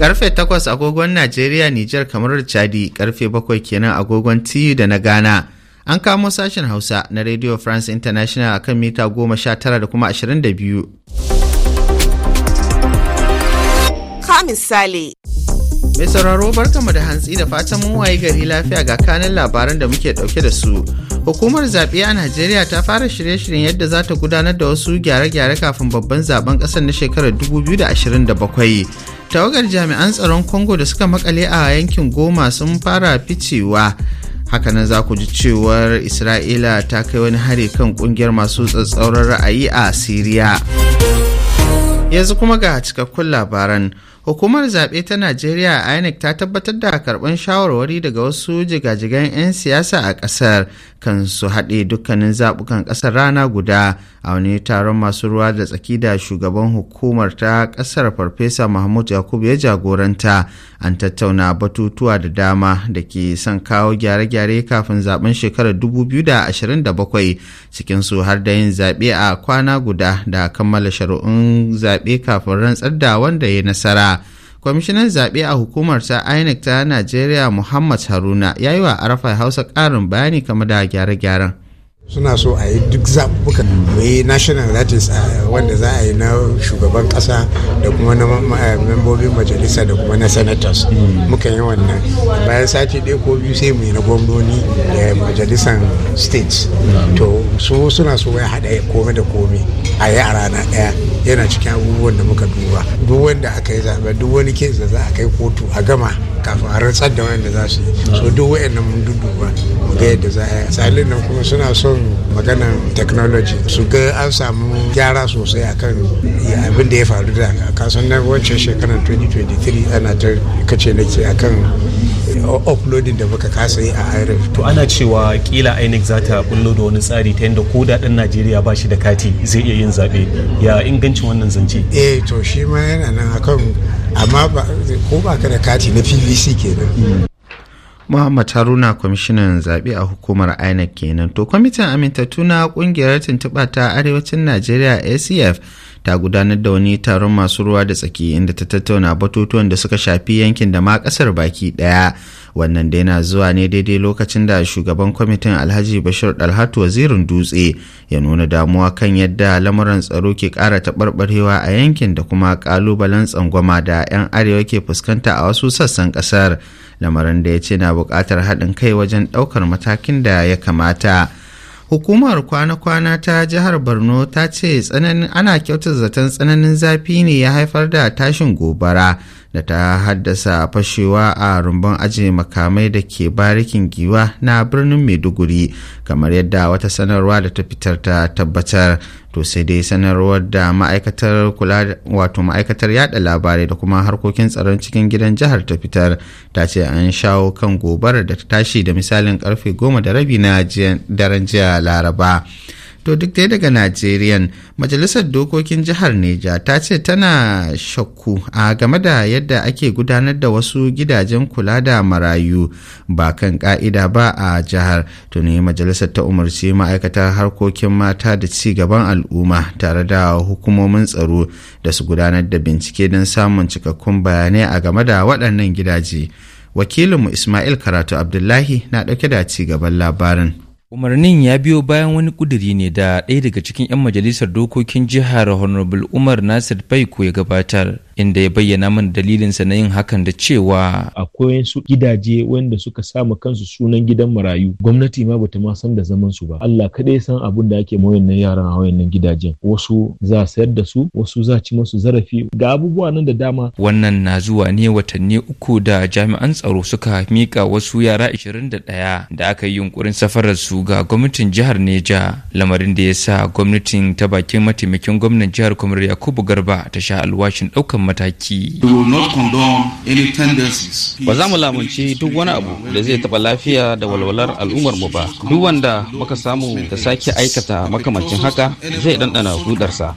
Karfe 8 agogon Najeriya, Nijar kamar Chadi, karfe 7 kenan agogon TU da na Ghana. An kamo sashen Hausa na Radio France International akan mita 19 da kuma 22. Ka misali. Mai sauraro barkamu da hantsi da fatan mun waye gari lafiya ga kanin labaran da muke dauke da su. Hukumar zaɓe a Najeriya ta fara shirye-shiryen yadda za ta gudanar da wasu gyare-gyare kafin babban zaben ƙasar na shekarar 2027. tawagar jami'an tsaron congo da suka makale a yankin goma sun fara ficewa hakanan za ku ji cewar isra'ila ta kai wani hari kan kungiyar masu tsatsauran ra'ayi a siriya yanzu kuma ga cikakkun labaran Hukumar zaɓe ta Najeriya INEC ta tabbatar da karɓar shawarwari daga wasu jigajigan 'yan siyasa a ƙasar kan su haɗe dukkanin zaɓukan ƙasar rana guda a wani taron masu ruwa da tsaki da shugaban hukumar ta ƙasar Farfesa Mahmud Yakubu ya jagoranta an tattauna batutuwa da dama da ke son kawo gyare-gyare kafin zaɓen shekarar 2027 cikinsu har da yin zaɓe a kwana guda da kammala shari'un zaɓe kafin rantsar da wanda ya nasara. kwamishinan zaɓe a hukumar ta inec ta najeriya muhammad haruna ya yi wa arafa hausa ƙarin bayani kama da gyare-gyaren suna so a yi duk zaɓuɓɓuka mu yi national that a uh, wanda za a yi na shugaban ƙasa da kuma na eh, membobin majalisa da kuma na senators hmm. muka yi wannan bayan sati ɗaya ko biyu sai mu yi na gwamnoni da majalisan states hmm. to su suna so ya haɗa komai da komai a yi a rana ɗaya yana cikin abubuwan da muka duba duk wanda aka yi zaɓe duk wani kes da za a kai kotu a gama kafin a rantsar da wanda za su yi so duk wayannan mun duduba mu ga yadda za a yi salin nan kuma suna son magana technology su ga an samu gyara sosai akan abin da ya faru da kasan nan wancan shekarar 2023 ana ta kace nake akan uploading da muka kasa yi a irin to ana cewa kila inec za ta bullo da wani tsari ta yadda ko daɗin najeriya ba shi da kati zai iya yin zaɓe ya ingancin wannan zance eh to shi ma yana nan akan amma ko ba ka da kati na pvc kenan Muhammad Haruna kwamishinan zaɓe a hukumar INEC kenan. To kwamitin amintattu na ƙungiyar tuntuɓa ta arewacin Najeriya ACF ta gudanar da wani taron masu ruwa da tsaki inda ta tattauna batutuwan da suka shafi yankin da ma kasar baki daya wannan da yana zuwa ne daidai lokacin da shugaban kwamitin alhaji bashir dalhatu wazirin dutse ya nuna damuwa kan yadda lamuran tsaro ke kara taɓarɓarewa a yankin da kuma ƙalubalen tsangwama da 'yan arewa ke fuskanta a wasu sassan ƙasar, lamarin da ya ce na buƙatar haɗin kai wajen ɗaukar matakin da ya kamata hukumar kwana-kwana ta jihar borno ta ce ana kyautar zaton tsananin zafi ne ya haifar da tashin gobara da ta haddasa fashewa a rumbun aji makamai da ke barikin giwa na birnin maiduguri kamar yadda wata sanarwa da ta fitar ta tabbatar to sai dai sanarwar da ma'aikatar kula wato ma'aikatar yada labarai da kuma harkokin tsaron cikin gidan jihar ta fitar ta ce an shawo kan gobarar da ta tashi da misalin karfe goma da rabi na daren jiya laraba to duk dai daga najeriyan majalisar dokokin jihar neja ta ce tana shakku a game da yadda ake gudanar da wasu gidajen kula da marayu ba kan ka'ida ba a jihar tuni majalisar ta umarci ma'aikatar harkokin mata da ci gaban al'umma tare da hukumomin tsaro da su gudanar da bincike don samun cikakkun bayanai a game da waɗannan gidaje wakilinmu ismail karatu abdullahi na ɗauke da ci gaban labarin Umarnin ya biyo bayan wani kuduri ne da ɗaya daga cikin 'yan majalisar dokokin jihar Honorable Umar Nasir Baiko ya gabatar. inda ya bayyana mana dalilinsa na yin hakan da cewa akwai su gidaje wanda suka samu kansu sunan gidan marayu gwamnati ma bata ma san da zaman su ba Allah kadai san abin da ake mawayan nan yaran a wayannan gidajen wasu za sayar da su wasu za ci musu zarafi ga abubuwa nan da dama wannan na zuwa ne watanni uku da jami'an tsaro suka mika wasu yara 21 da aka yi yunkurin safarar su ga gwamnatin jihar Neja lamarin da ya sa gwamnatin ta bakin mataimakin gwamnan jihar Kwamar Yakubu Garba ta sha alwashin daukan mataki. Ba za mu lamunci duk wani abu da zai taɓa lafiya da walwalar al'ummar mu ba. Duk wanda muka samu da sake aikata makamancin haka zai ɗanɗana hudarsa.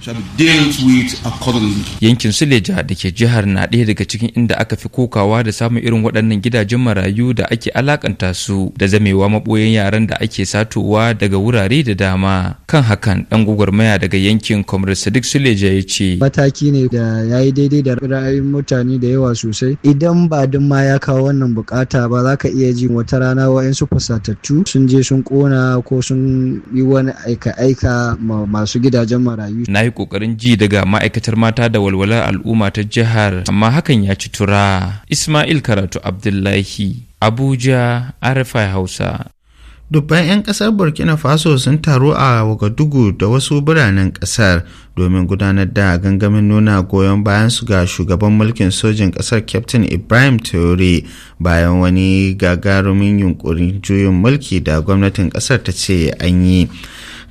Yankin Suleja da ke jihar na ɗaya daga cikin inda aka fi kokawa da samun irin waɗannan gidajen marayu da ake alakanta su da zamewa maɓoyin yaran da ake satowa daga wurare da dama. Kan hakan ɗan gwagwarmaya daga yankin Comrade Sadiq Suleja ya ce. Mataki ne da ya yi daidai da ra'ayin mutane da yawa sosai idan ba duk ma ya kawo wannan bukata ba za ka iya ji wata rana wa'insu fasatattu sun je sun kona ko sun yi wani aika-aika masu gidajen marayu. na yi kokarin ji daga ma'aikatar mata da walwalar al'umma ta jihar amma hakan ya ci tura ismail karatu abdullahi abuja arifai hausa dubban 'yan kasar burkina faso sun taru a wagadugu da wasu biranen kasar domin gudanar da gangamin nuna goyon bayan su ga shugaban mulkin sojin ƙasar captain ibrahim Traore bayan wani gagarumin yunkurin juyin mulki da gwamnatin ƙasar ta ce an yi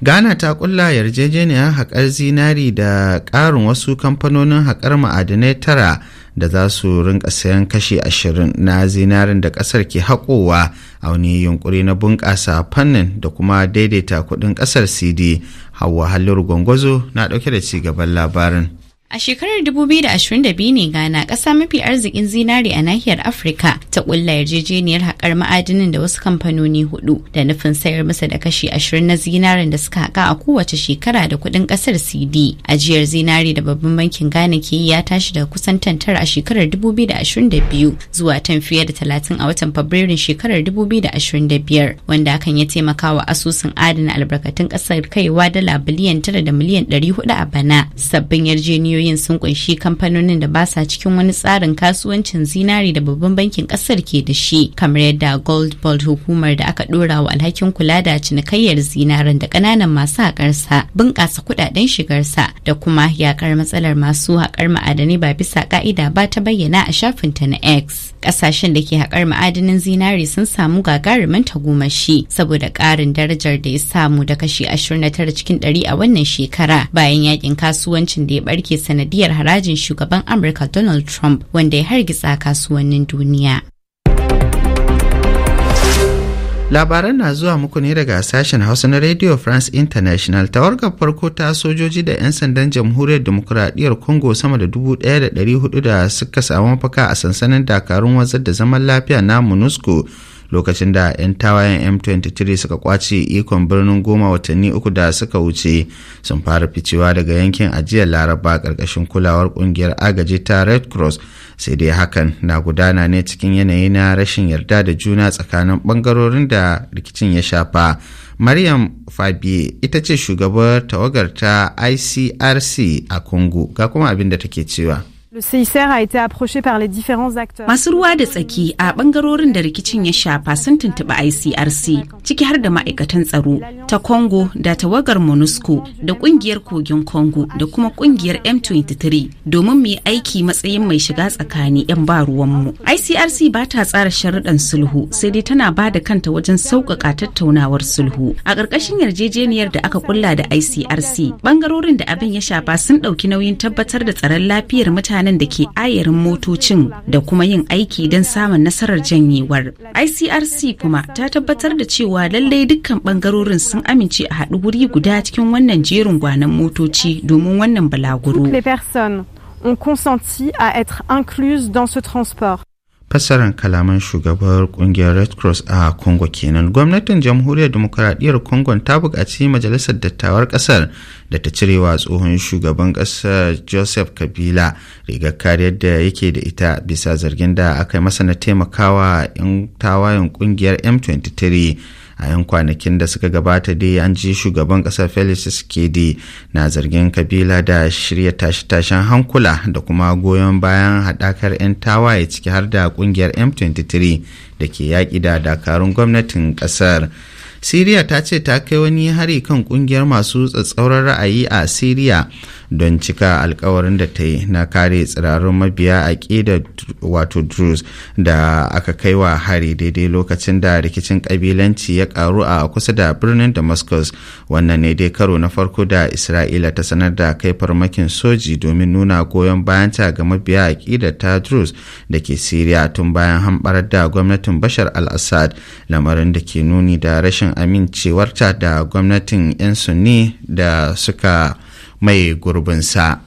ghana ta kulla yarjejeniyar haƙar zinari da ƙarin wasu kamfanonin haƙar ma'adinai tara da za su rinka sayan kashi ashirin na zinarin da ƙasar ke haƙowa a wani yunkuri na bunƙasa fannin da kuma daidaita kuɗin ƙasar cd hawa halin gwangwazo na ɗauke da ci gaban labarin A shekarar 2022 ne Ghana ƙasa mafi arzikin zinari a nahiyar Afirka ta ƙulla yarjejeniyar haƙar ma'adinin da wasu kamfanoni hudu da nufin sayar masa da kashi ashirin na zinarin da suka haƙa a kowace shekara da kuɗin ƙasar CD. Ajiyar zinari da babban bankin Ghana ke yi ya tashi daga kusan tantar a shekarar 2022 zuwa tan fiye da 30 a watan Fabrairun shekarar 2025 wanda hakan ya taimaka wa asusun adana albarkatun ƙasar kaiwa dala biliyan tara da miliyan 400 a bana. Sabbin yarjejeniyoyi hanyoyin sun kunshi kamfanonin da ba cikin wani tsarin kasuwancin zinari da babban bankin ƙasar ke da shi kamar yadda gold bold hukumar da aka dora wa alhakin kula da cinikayyar zinarin da ƙananan masu haƙarsa bunƙasa kuɗaɗen shigarsa da kuma yaƙar matsalar masu haƙar ma'adanai ba bisa ƙa'ida ba ta bayyana a shafinta na x ƙasashen da ke haƙar ma'adanin zinari sun samu gagarumin tagomashi saboda ƙarin darajar da ya samu da kashi ashirin na tara cikin ɗari a wannan shekara bayan yakin kasuwancin da ya barke sanadiyar harajin shugaban Amurka Donald Trump wanda ya hargitsa kasuwannin duniya. Labaran na zuwa muku ne daga sashen Hausa na Radio France International ta warga farko ta sojoji da 'yan sandan jamhuriyar demokuraɗiyar Congo sama da 1,400 da suka samu mafaka a sansanin dakarun wazar da zaman lafiya na MONUSCO lokacin da 'yan tawayen m23 suka kwace ikon birnin goma watanni uku da suka wuce sun fara ficewa daga yankin ajiyar laraba ƙarƙashin kulawar ƙungiyar agaji ta red cross sai dai hakan na gudana ne cikin yanayi na rashin yarda da juna tsakanin ɓangarorin da rikicin ya shafa Maryam Fabie ita ce shugabar tawagar ta ICRC a Congo ga kuma abin da take cewa. Masu ruwa da tsaki a bangarorin da rikicin ya shafa sun tuntuɓi ICRC ciki har da ma'aikatan tsaro ta Congo da tawagar MONUSCO da kungiyar kogin Congo da kuma kungiyar M23 domin mu yi aiki matsayin mai shiga tsakani 'yan ba ruwanmu. ICRC ba ta tsara sharuɗan sulhu sai dai tana ba da kanta wajen sauƙaƙa tattaunawar sulhu. A ƙarƙashin yarjejeniyar da aka kulla da ICRC, ɓangarorin da abin ya shafa sun ɗauki nauyin tabbatar da tsaron lafiyar mutanen da ke ayarin motocin da kuma yin aiki don samun nasarar janyewar. ICRC kuma ta tabbatar da cewa lallai dukkan bangarorin sun an amince a haɗu wuri guda cikin wannan jerin gwanan motoci domin wannan balaguro. fassarar kalaman shugabar kungiyar red cross a congo kenan gwamnatin jamhuriyar demokuraɗiyyar congo ta buƙaci majalisar dattawar ƙasar da ta cirewa tsohon shugaban ƙasar joseph kabila rigar kariyar da yake da ita bisa zargin da aka yi masa na taimakawa 'yan tawayen kungiyar m23 a yan kwanakin da suka gabata dai an ji shugaban kasar felix kedi na zargin kabila da shirya tashe-tashen hankula da kuma goyon bayan haɗakar 'yan tawaye ciki har da ƙungiyar m23 da ke yaƙi da dakarun gwamnatin ƙasar Siriya ta ce ta kai wani hari kan kungiyar masu tsatsauran ra'ayi a Siriya don cika alkawarin da ta yi na kare tsirarun mabiya a ƙida wato Druze da aka kai wa hari daidai lokacin da rikicin kabilanci ya karu a kusa da birnin Damascus. Wannan ne dai karo na farko da Isra'ila ta sanar da kai farmakin soji domin nuna goyon bayanta ga mabiya a ƙida ta Druze da ke Siriya tun bayan hambarar da gwamnatin Bashar al-Assad lamarin da ke nuni da rashin rashin amincewarta da gwamnatin 'yan sunni da suka mai gurbinsa.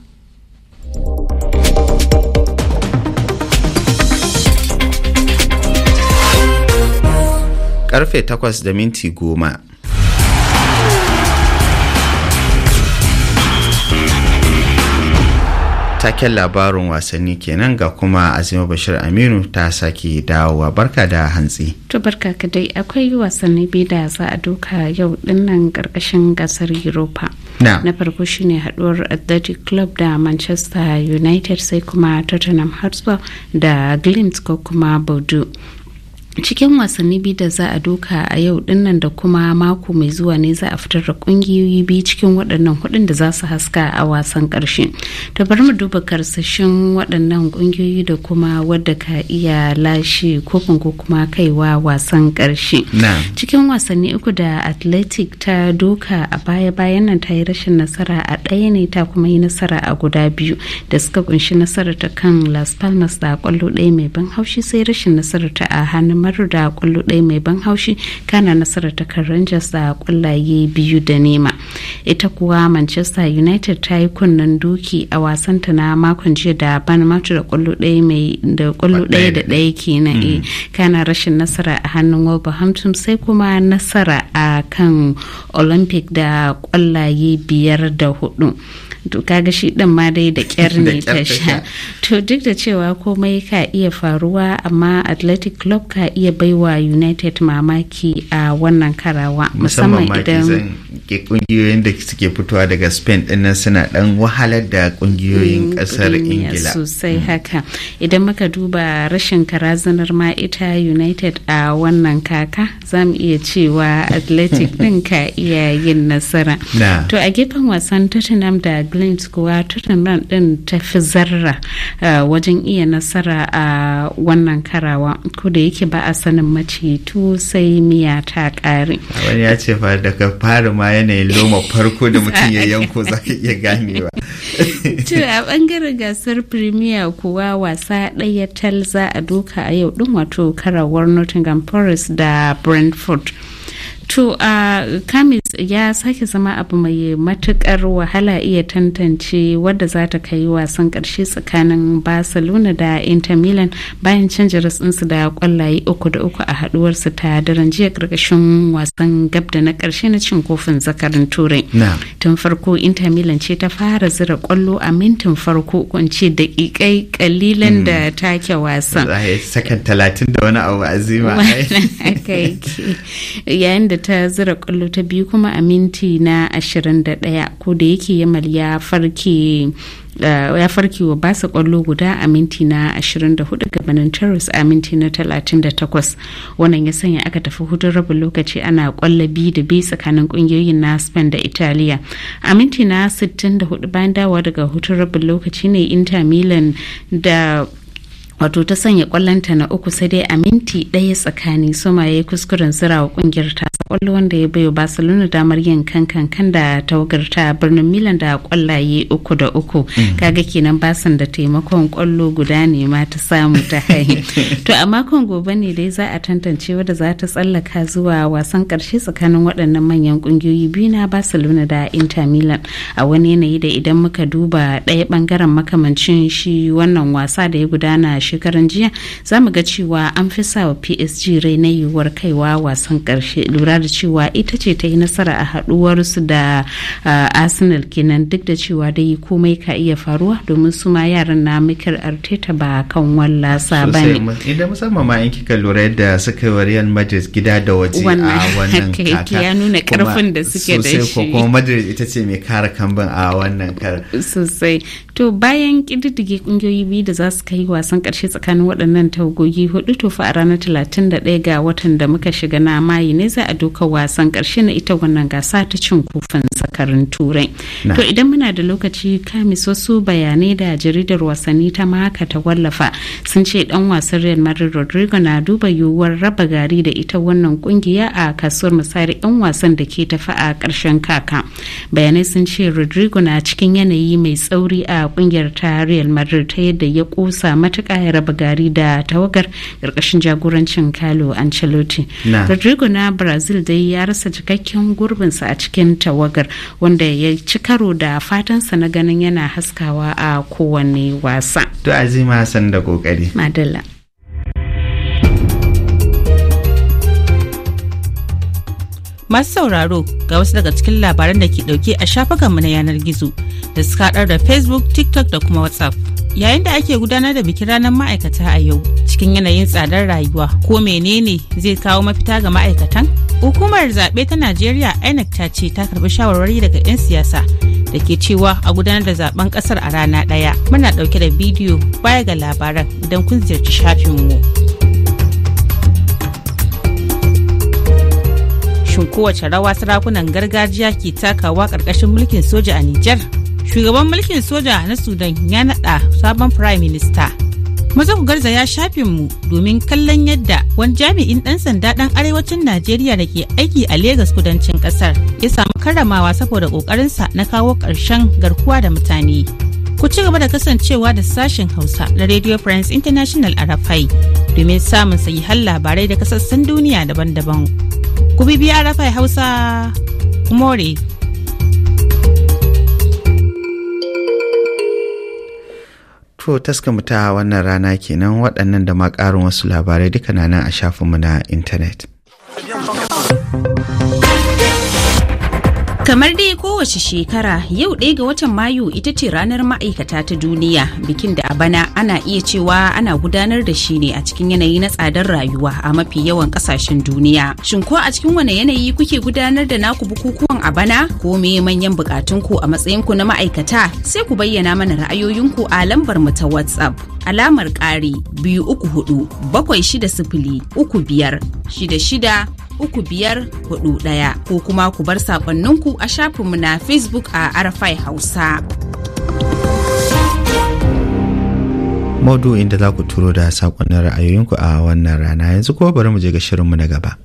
karfe 8 da minti goma taken labarin wasanni kenan ga kuma azima bashir aminu ta sake dawowa barka da hantsi to barka ka dai akwai wasanni biyu da za a doka yau dinnan karkashin gasar europa na farko shine haduwar athletic club da manchester united sai kuma tottenham hotspur da glimt ko kuma bordeaux cikin wasanni biyu da za a doka a yau dinnan da kuma mako mai zuwa ne za a fitar da kungiyoyi biyu cikin waɗannan hudun da za su haska a wasan ƙarshe ta bari mu duba karsashin waɗannan kungiyoyi da kuma wadda ka iya lashe kofin ko kuma kaiwa wasan ƙarshe cikin wasanni uku da atletic ta doka a baya bayan nan ta yi rashin nasara a ɗaya ne ta kuma yi nasara a guda biyu da suka kunshi nasara ta kan las palmas da kwallo ɗaya mai ban haushi sai rashin nasara ta a hannun kamaru da kullu ɗaya mai ban haushi kana nasarar kan rangers da kwallaye biyu da nema ita kuwa manchester united ta yi kunnen duki a wasanta na makon jiya da banmatu da kullu ɗaya mai da kullu ɗaya da ɗaya kenan eh, mm. kana rashin nasara a hannun wolverhampton sai kuma nasara a kan olympic da kwallaye biyar da hudu to kaga shi din ma dai da kyar ne ta to duk da cewa komai ka iya faruwa amma athletic club ka iya baiwa united mamaki a wannan karawa musamman idan kungiyoyin da suke fitowa daga spain dinnan suna dan wahalar da kungiyoyin kasar mm, ingila sosai mm. haka idan muka duba rashin karazanar ma ita united a wannan kaka za mu iya cewa athletic din ka iya yin nasara to a gefen wasan tottenham da clint kuwa tottenham din ta fi zarra eh, wajen iya nasara a wannan karawa ko da yake ba a sanin maceto sai miya ta kare wani ya ce fa daga fara ma yanayin loma farko da mutum ya yanko za ka iya ganewa to a bangaren gasar premier kuwa wasa ɗaya tal za a doka a yau din wato karawar nottingham forest da brentford to a uh, ya sake zama abu mai matukar wahala iya tantance wadda za ta kai wasan karshe tsakanin barcelona da inter milan bayan canja ratsinsu da kwallaye uku da uku a haduwarsu ta daren jiya karkashin wasan gab da na karshe na cin kofin zakarin turai tun farko inter milan ce ta fara zira kwallo a mintin farko kunce daƙiƙai kalilan da hmm. take wasan da wani abu azima yayin da ta zira kwallo ta biyu kuma kuma a minti na 21 ko da yake yamal ya farke Uh, ya farke wa basa kwallo guda a minti na 24 gabanin terrace a minti na 38 wannan ya sanya aka tafi hudun rabin lokaci ana kwallo biyu da biyu tsakanin kungiyoyin na spain da italiya a minti na 64 bayan dawa daga hutun rabin lokaci ne inter milan da wato ta sanya kwallonta na uku sai dai a minti ɗaya tsakani soma ya yi kuskuren zira wa kungiyar ta kwallo wanda ya bayo barcelona damar yin kankan kan da tawagarta birnin milan da kwallaye uku da uku mm. kaga kenan basan da taimakon kwallo guda ne ma ta samu ta hanyar to a makon gobe ne dai za a tantance wadda za ta tsallaka zuwa wasan karshe tsakanin waɗannan manyan ƙungiyoyi biyu na barcelona da inter milan a wani yanayi da idan muka duba ɗaya ɓangaren makamancin shi wannan wasa da ya gudana shekaran jiya za mu ga cewa an fi sa wa psg rai na yiwuwar kaiwa wasan ƙarshe lura da cewa ita ce ta yi nasara a haɗuwarsu da arsenal kenan duk da cewa dai komai ka iya faruwa domin su ma yaran na mikar arteta ba kan wallasa ba ne idan eh, musamman ma in kika lura yadda suka yi real madrid gida da waje a wannan kaka ya nuna karfin da suke da shi kuma madrid ita ce mai kara kamban a wannan kar sosai to bayan kididdige kungiyoyi biyu da za su kai wasan karshe tsakanin waɗannan tawagogi hudu to fa a ranar 31 ga watan da muka shiga na mayi ne za a dukan wasan ƙarshe na ita wannan gasa ta cin kofin dakarun turai to idan muna da lokaci kamis wasu bayanai da jaridar wasanni ta maka ta wallafa sun ce dan wasan real madrid rodrigo na duba yiwuwar raba gari da ita wannan kungiya a kasuwar misali yan wasan da ke tafi a karshen kaka bayanai sun ce rodrigo na cikin yanayi mai tsauri a kungiyar ta real madrid ta yadda ya kusa matuka ya raba gari da tawagar karkashin jagorancin carlo ancelotti rodrigo na brazil dai ya rasa cikakken gurbinsa a cikin tawagar wanda ya ci karo da fatansa na ganin yana haskawa a kowane wasa. To Azima san da kokari. Madalla. Masu sauraro ga wasu daga cikin labaran da ke dauke a shafukanmu na yanar gizo da suka da Facebook, TikTok da kuma WhatsApp. Yayin da ake gudanar da bikin ranar ma'aikata a yau cikin yanayin tsadar rayuwa ko menene zai kawo mafita ga ma'aikatan? Hukumar zaɓe ta Najeriya INEC ta ce ta karɓi shawarwari daga 'yan siyasa da ke cewa a gudanar da zaben ƙasar a rana ɗaya. Muna ɗauke da bidiyo baya ga labaran idan kun ziyarci shafinmu. Shin kowace rawa sarakunan gargajiya ke takawa ƙarƙashin mulkin soja a Nijar? Shugaban mulkin soja na Sudan ya naɗa sabon Prime Minister. maza ku garzaya shafinmu domin kallon yadda wani jami'in ɗan sanda ɗan arewacin najeriya da ke aiki a Legas kudancin ƙasar ya samu karramawa saboda ƙoƙarinsa na kawo ƙarshen garkuwa da mutane ku ci gaba da kasancewa da sashen hausa na radio france international a rafai domin samun sahihan labarai daga sassan duniya daban-daban ku bibiya rafai hausa more To taskamu ta wannan rana kenan waɗannan da ma ƙarin wasu labarai duka na nan a shafinmu na intanet. Kamar dai kowace shekara yau ɗaya ga watan Mayu ita ce ranar ma'aikata ta duniya bikin da a bana ana iya cewa ana gudanar da shi ne a cikin yanayi na tsadar rayuwa a mafi yawan ƙasashen duniya. Shin ko a cikin wane yanayi kuke gudanar da naku bukukuwan a bana ko me manyan ku a matsayin ku na ma'aikata sai ku bayyana mana ra'ayoyin ku a lambar mu ta WhatsApp. alamar ƙari biyu uku hudu bakwai shida sifili uku biyar shida shida uku biyar hudu ɗaya ko kuma ku bar saƙonninku a shafinmu na facebook a arafai hausa. maudu inda za ku turo da sakonnin ra'ayoyinku a wannan rana yanzu kuma bari mu je ga shirinmu na gaba.